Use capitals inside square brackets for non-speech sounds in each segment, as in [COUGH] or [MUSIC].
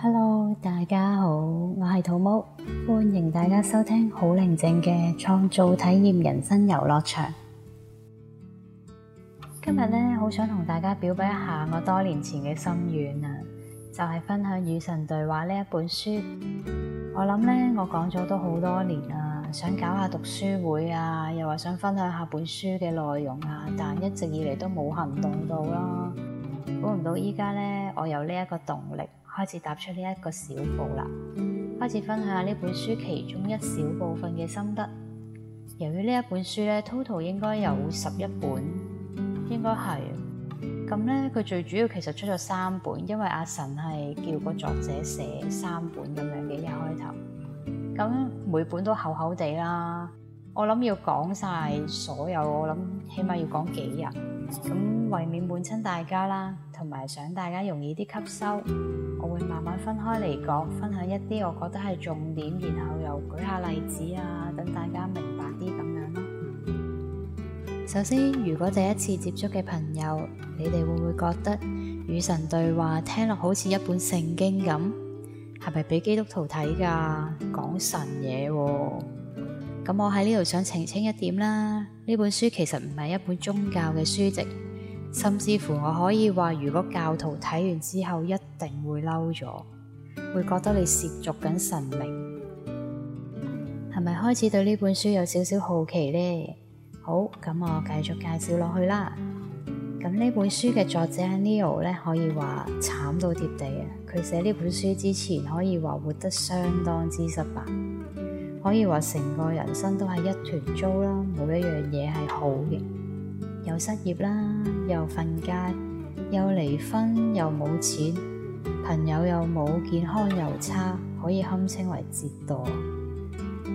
Hello，大家好，我係土木，歡迎大家收聽好寧靜嘅創造體驗人生遊樂場。今日咧，好想同大家表白一下我多年前嘅心願啊，就係分享與神對話呢一本書。我諗咧，我講咗都好多年啦，想搞下讀書會啊，又話想分享下本書嘅內容啊，但一直以嚟都冇行動到啦。估唔到依家咧，我有呢一個動力。開始踏出呢一個小步啦，開始分享下呢本書其中一小部分嘅心得。由於呢一本書咧，total 應該有十一本，應該係咁咧。佢最主要其實出咗三本，因為阿神係叫個作者寫三本咁樣嘅一開頭。咁每本都厚厚地啦。我諗要講晒所有，我諗起碼要講幾日咁，為免悶親大家啦，同埋想大家容易啲吸收，我會慢慢分開嚟講，分享一啲我覺得係重點，然後又舉下例子啊，等大家明白啲咁樣咯。首先，如果第一次接觸嘅朋友，你哋會唔會覺得與神對話聽落好似一本聖經咁？係咪俾基督徒睇噶？講神嘢？咁我喺呢度想澄清一點啦，呢本書其實唔係一本宗教嘅書籍。甚至乎我可以話，如果教徒睇完之後，一定會嬲咗，會覺得你褻瀆緊神明。係咪開始對呢本書有少少好奇呢？好，咁我繼續介紹落去啦。咁呢本書嘅作者 Neil 咧，可以話慘到貼地啊！佢寫呢本書之前，可以話活得相當之失敗，可以話成個人生都係一團糟啦，冇一樣嘢係好嘅。又失業啦，又瞓街，又離婚，又冇錢，朋友又冇，健康又差，可以堪稱為折墮。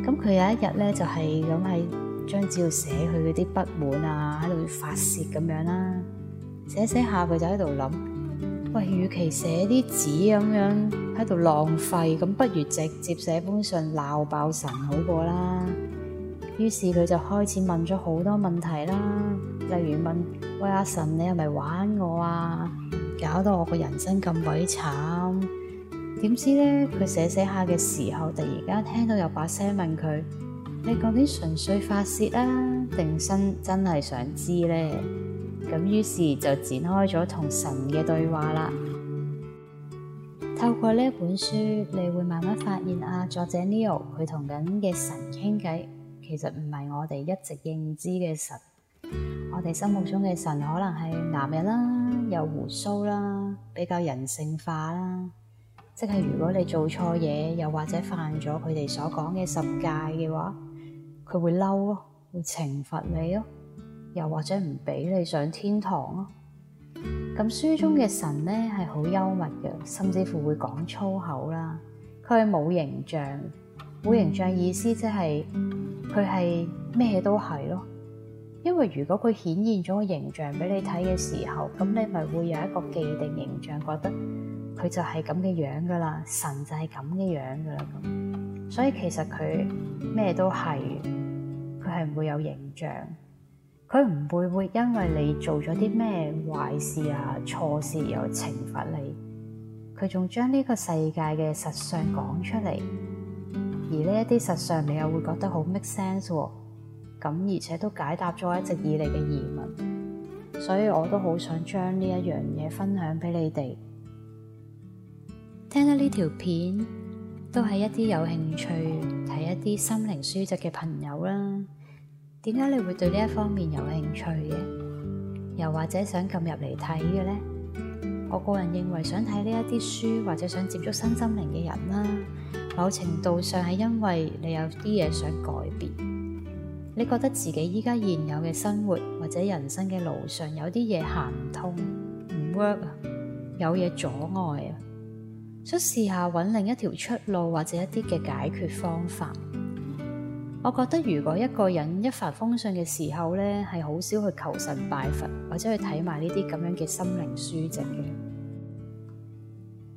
咁佢有一日咧，就係咁喺張紙度寫佢嗰啲不滿啊，喺度發洩咁樣啦、啊。寫寫下佢就喺度諗，喂，與其寫啲紙咁樣喺度浪費，咁不如直接寫封信鬧爆神好過啦。於是佢就開始問咗好多問題啦，例如問喂，阿神，你係咪玩我啊？搞到我個人生咁鬼慘，點知咧？佢寫寫下嘅時候，突然間聽到有把聲問佢：你究竟純粹發泄啊，定真真係想知咧？咁於是就展開咗同神嘅對話啦。透過呢一本書，你會慢慢發現啊，作者 Neale 佢同緊嘅神傾偈。其實唔係我哋一直認知嘅神，我哋心目中嘅神可能係男人啦，又鬍鬚啦，比較人性化啦。即係如果你做錯嘢，又或者犯咗佢哋所講嘅十戒嘅話，佢會嬲咯，會懲罰你咯，又或者唔俾你上天堂咯。咁書中嘅神咧，係好幽默嘅，甚至乎會講粗口啦，佢係冇形象。冇形象意思、就是，即係佢係咩都係咯。因為如果佢顯現咗個形象俾你睇嘅時候，咁你咪會有一個既定形象，覺得佢就係咁嘅樣噶啦，神就係咁嘅樣噶啦。咁所以其實佢咩都係，佢係唔會有形象，佢唔會會因為你做咗啲咩壞事啊、錯事又懲罰你，佢仲將呢個世界嘅實相講出嚟。而呢一啲實上，你又會覺得好 make sense 喎、哦。咁而且都解答咗一直以嚟嘅疑問，所以我都好想將呢一樣嘢分享俾你哋。聽得呢條片，都係一啲有興趣睇一啲心靈書籍嘅朋友啦。點解你會對呢一方面有興趣嘅？又或者想撳入嚟睇嘅呢？我個人認為想，想睇呢一啲書或者想接觸身心靈嘅人啦、啊。某程度上係因為你有啲嘢想改變，你覺得自己依家現有嘅生活或者人生嘅路上有啲嘢行唔通，唔 work 啊，有嘢阻礙啊，想試下揾另一條出路或者一啲嘅解決方法。我覺得如果一個人一帆風順嘅時候呢，係好少去求神拜佛或者去睇埋呢啲咁樣嘅心靈書籍嘅。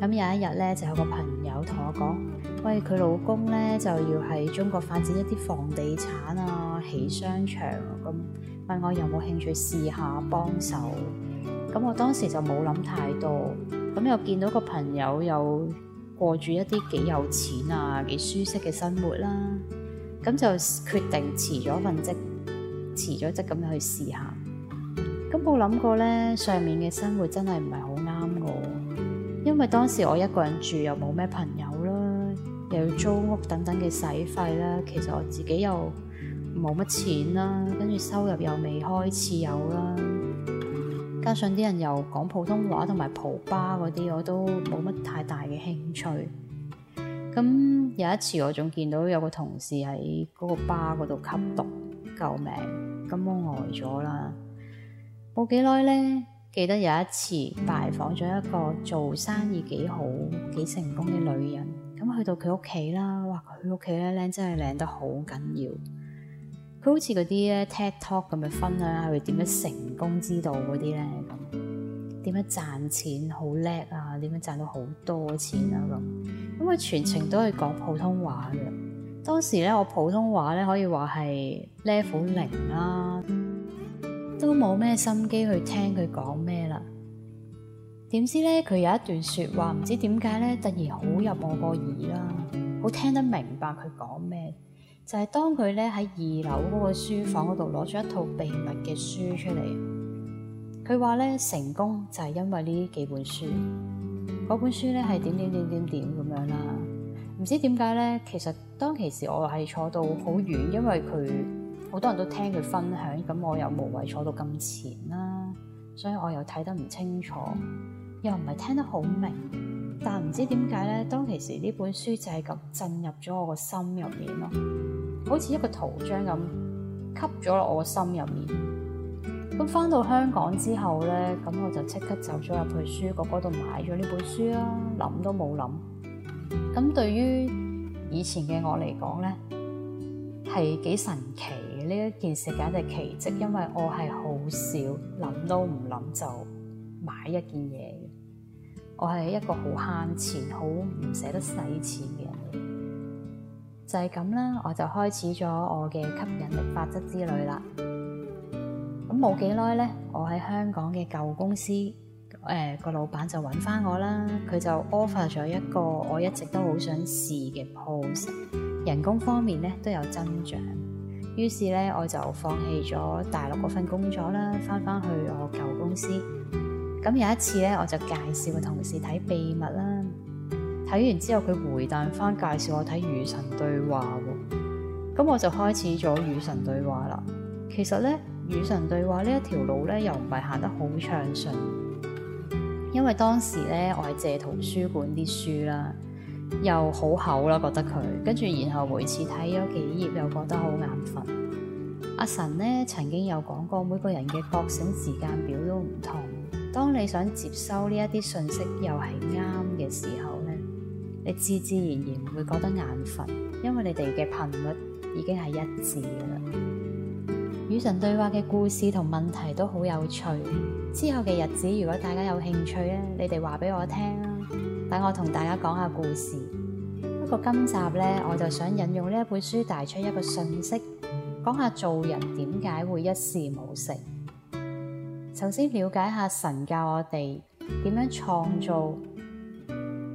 咁有一日咧，就有個朋友同我講：喂，佢老公咧就要喺中國發展一啲房地產啊，起商場咁，問我有冇興趣試下幫手。咁我當時就冇諗太多，咁又見到個朋友又過住一啲幾有錢啊、幾舒適嘅生活啦、啊，咁就決定辭咗份職，辭咗職咁樣去試下。咁冇諗過咧，上面嘅生活真係唔係好。因為當時我一個人住，又冇咩朋友啦，又要租屋等等嘅使費啦，其實我自己又冇乜錢啦，跟住收入又未開始有啦，加上啲人又講普通話同埋蒲吧嗰啲，我都冇乜太大嘅興趣。咁有一次我仲見到有個同事喺嗰個吧嗰度吸毒，救命！咁我呆咗啦，冇幾耐咧。記得有一次拜訪咗一個做生意幾好、幾成功嘅女人，咁去到佢屋企啦，哇！佢屋企咧，靚真係靚得好緊要，佢好似嗰啲咧 TikTok 咁樣分享佢點樣成功之道嗰啲咧，咁點樣賺錢好叻啊，點樣賺到好多錢啊咁，咁佢全程都係講普通話嘅。當時咧，我普通話咧可以話係 level 零啦。都冇咩心機去聽佢講咩啦，點知咧佢有一段說話，唔知點解咧，突然好入我個耳啦，好聽得明白佢講咩，就係、是、當佢咧喺二樓嗰個書房嗰度攞咗一套秘密嘅書出嚟，佢話咧成功就係因為呢幾本書，嗰本書咧係點點點點點咁樣啦，唔知點解咧，其實當其時我係坐到好遠，因為佢。好多人都聽佢分享，咁我又無謂坐到咁前啦，啊，所以我又睇得唔清楚，又唔係聽得好明。但唔知點解咧，當其時呢本書就係咁進入咗我個心入面咯，好似一個圖章咁吸咗我個心入面。咁翻到香港之後咧，咁我就即刻走咗入去書局嗰度買咗呢本書啦，諗都冇諗。咁對於以前嘅我嚟講咧，係幾神奇。呢一件事簡直奇跡，因為我係好少諗都唔諗就買一件嘢嘅，我係一個好慳錢、好唔捨得使錢嘅人就係咁啦，我就開始咗我嘅吸引力法則之旅啦。咁冇幾耐咧，我喺香港嘅舊公司，誒、呃、個老闆就搵翻我啦，佢就 offer 咗一個我一直都好想試嘅 post，人工方面咧都有增長。於是咧，我就放棄咗大陸嗰份工作啦，返返去我舊公司。咁有一次咧，我就介紹個同事睇《秘密》啦。睇完之後，佢回彈返介紹我睇《與神對話》喎。咁我就開始咗《與神對話》啦。其實咧，《與神對話》呢一條路咧，又唔係行得好暢順，因為當時咧，我係借圖書館啲書啦。又好厚啦，覺得佢跟住，然後每次睇咗幾頁，又覺得好眼瞓。阿神呢，曾經有講過，每個人嘅覺醒時間表都唔同。當你想接收呢一啲信息又係啱嘅時候呢，你自自然然會覺得眼瞓，因為你哋嘅頻率已經係一致嘅啦。與神對話嘅故事同問題都好有趣。之後嘅日子，如果大家有興趣咧，你哋話俾我聽。等我同大家講下故事。不過今集咧，我就想引用呢一本書，帶出一個訊息，講下做人點解會一事無成。首先了解下神教我哋點樣創造。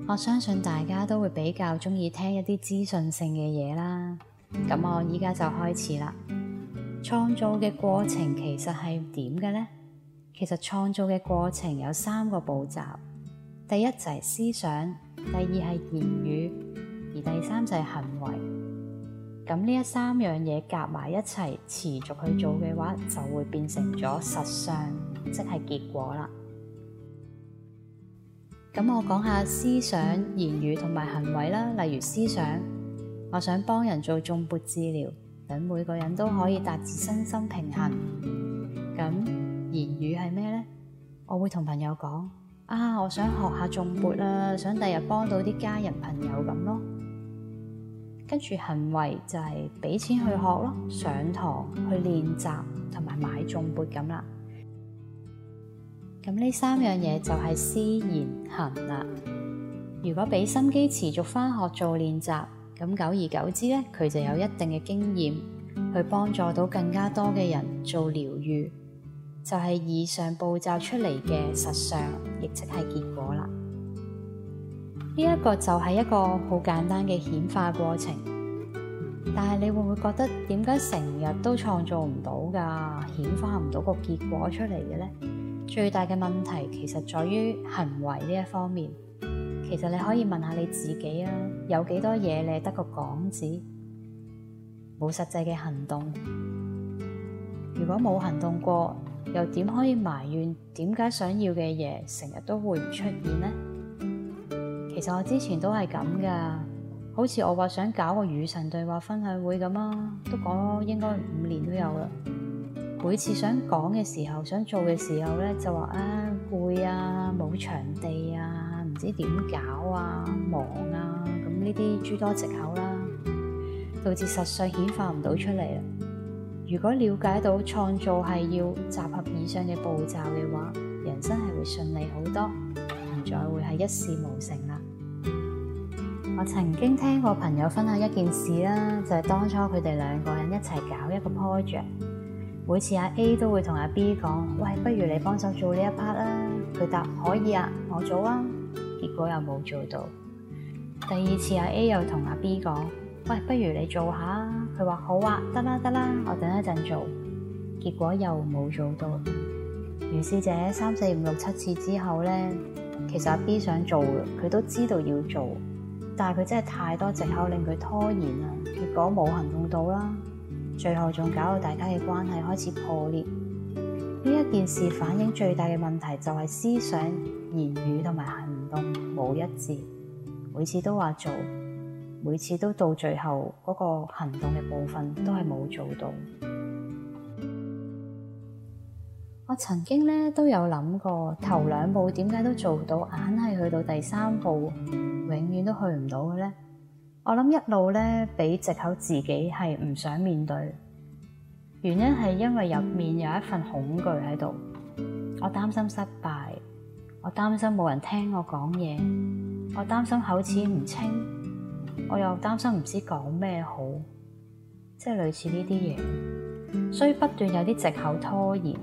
我相信大家都會比較中意聽一啲資訊性嘅嘢啦。咁我依家就開始啦。創造嘅過程其實係點嘅呢？其實創造嘅過程有三個步驟。第一就係思想，第二係言語，而第三就係行為。咁呢一三樣嘢，夾埋一齊持續去做嘅話，就會變成咗實相，即係結果啦。咁我講下思想、言語同埋行為啦。例如思想，我想幫人做重撥治療，等每個人都可以達至身心平衡。咁言語係咩呢？我會同朋友講。啊！我想學下頌缽啦，想第日幫到啲家人朋友咁咯。跟住行為就係俾錢去學咯，上堂去練習同埋買頌缽咁啦。咁呢三樣嘢就係思、言、行啦。如果俾心機持續返學做練習，咁久而久之咧，佢就有一定嘅經驗，去幫助到更加多嘅人做療愈。就係以上步驟出嚟嘅實相，亦即係結果啦。呢一個就係一個好簡單嘅顯化過程。但係你會唔會覺得點解成日都創造唔到㗎，顯化唔到個結果出嚟嘅咧？最大嘅問題其實在於行為呢一方面。其實你可以問下你自己啊，有幾多嘢你得個講字，冇實際嘅行動？如果冇行動過，又點可以埋怨點解想要嘅嘢成日都會唔出現呢？其實我之前都係咁噶，好似我話想搞個與神對話分享會咁啊，都講咗應該五年都有啦。每次想講嘅時候、想做嘅時候咧，就話啊攰啊、冇場地啊、唔知點搞啊、忙啊，咁呢啲諸多藉口啦，導致實上顯化唔到出嚟。如果了解到創造係要集合以上嘅步驟嘅話，人生係會順利好多，唔再會係一事無成啦。 [NOISE] 我曾經聽過朋友分享一件事啦，就係當初佢哋兩個人一齊搞一個 project，每次阿 A 都會同阿 B 講：喂，不如你幫手做呢一 part 啦。佢答：可以啊，我做啊。結果又冇做到。第二次阿 A 又同阿 B 講：喂，不如你做下。佢話好啊，得啦得啦，我等一陣做。結果又冇做到。如是者三四五六七次之後咧，其實阿 B 想做，佢都知道要做，但係佢真係太多借口令佢拖延啦。結果冇行動到啦，最後仲搞到大家嘅關係開始破裂。呢一件事反映最大嘅問題就係思想、言語同埋行動冇一致，每次都話做。每次都到最後嗰個行動嘅部分都係冇做到。我曾經咧都有諗過，頭兩步點解都做到，硬係去到第三步，永遠都去唔到嘅咧。我諗一路咧俾藉口自己係唔想面對，原因係因為入面有一份恐懼喺度。我擔心失敗，我擔心冇人聽我講嘢，我擔心口齒唔清。我又擔心唔知講咩好，即係類似呢啲嘢，所以不斷有啲借口拖延。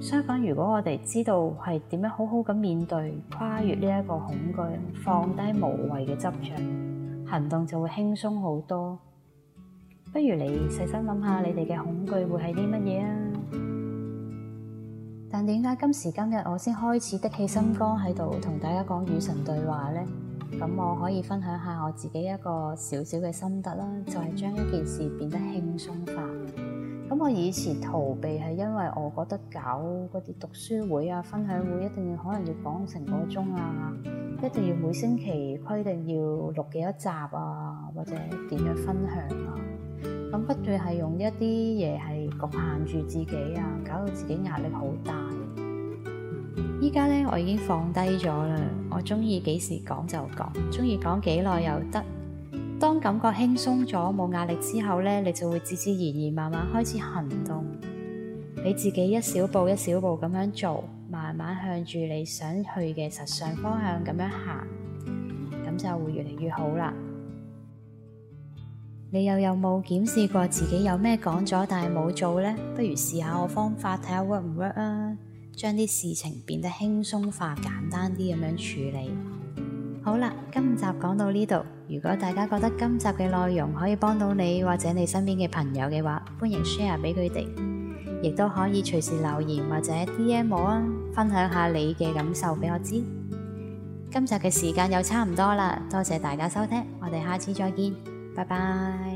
相反，如果我哋知道係點樣好好咁面對，跨越呢一個恐懼，放低無謂嘅執着，行動就會輕鬆好多。不如你細心諗下你，你哋嘅恐懼會係啲乜嘢啊？但點解今時今日我先開始的起心肝喺度同大家講與神對話呢？咁我可以分享下我自己一個小小嘅心得啦，就係將一件事變得輕鬆化。咁我以前逃避係因為我覺得搞嗰啲讀書會啊、分享會一定要可能要講成個鐘啊，一定要每星期規定要錄幾多集啊，或者點樣分享啊，咁不斷係用一啲嘢係局限住自己啊，搞到自己壓力好大。依家咧，我已經放低咗啦，我中意幾時講就講，中意講幾耐又得。當感覺輕鬆咗、冇壓力之後咧，你就會自自然然慢慢開始行動，俾自己一小步一小步咁樣做，慢慢向住你想去嘅實上方向咁樣行，咁就會越嚟越好啦。你又有冇檢視過自己有咩講咗但係冇做呢？不如試下我方法睇下 work 唔 work 啊！將啲事情變得輕鬆化、簡單啲，咁樣處理好啦。今集講到呢度，如果大家覺得今集嘅內容可以幫到你或者你身邊嘅朋友嘅話，歡迎 share 俾佢哋，亦都可以隨時留言或者 DM 我啊，分享下你嘅感受俾我知。今集嘅時間又差唔多啦，多謝大家收聽，我哋下次再見，拜拜。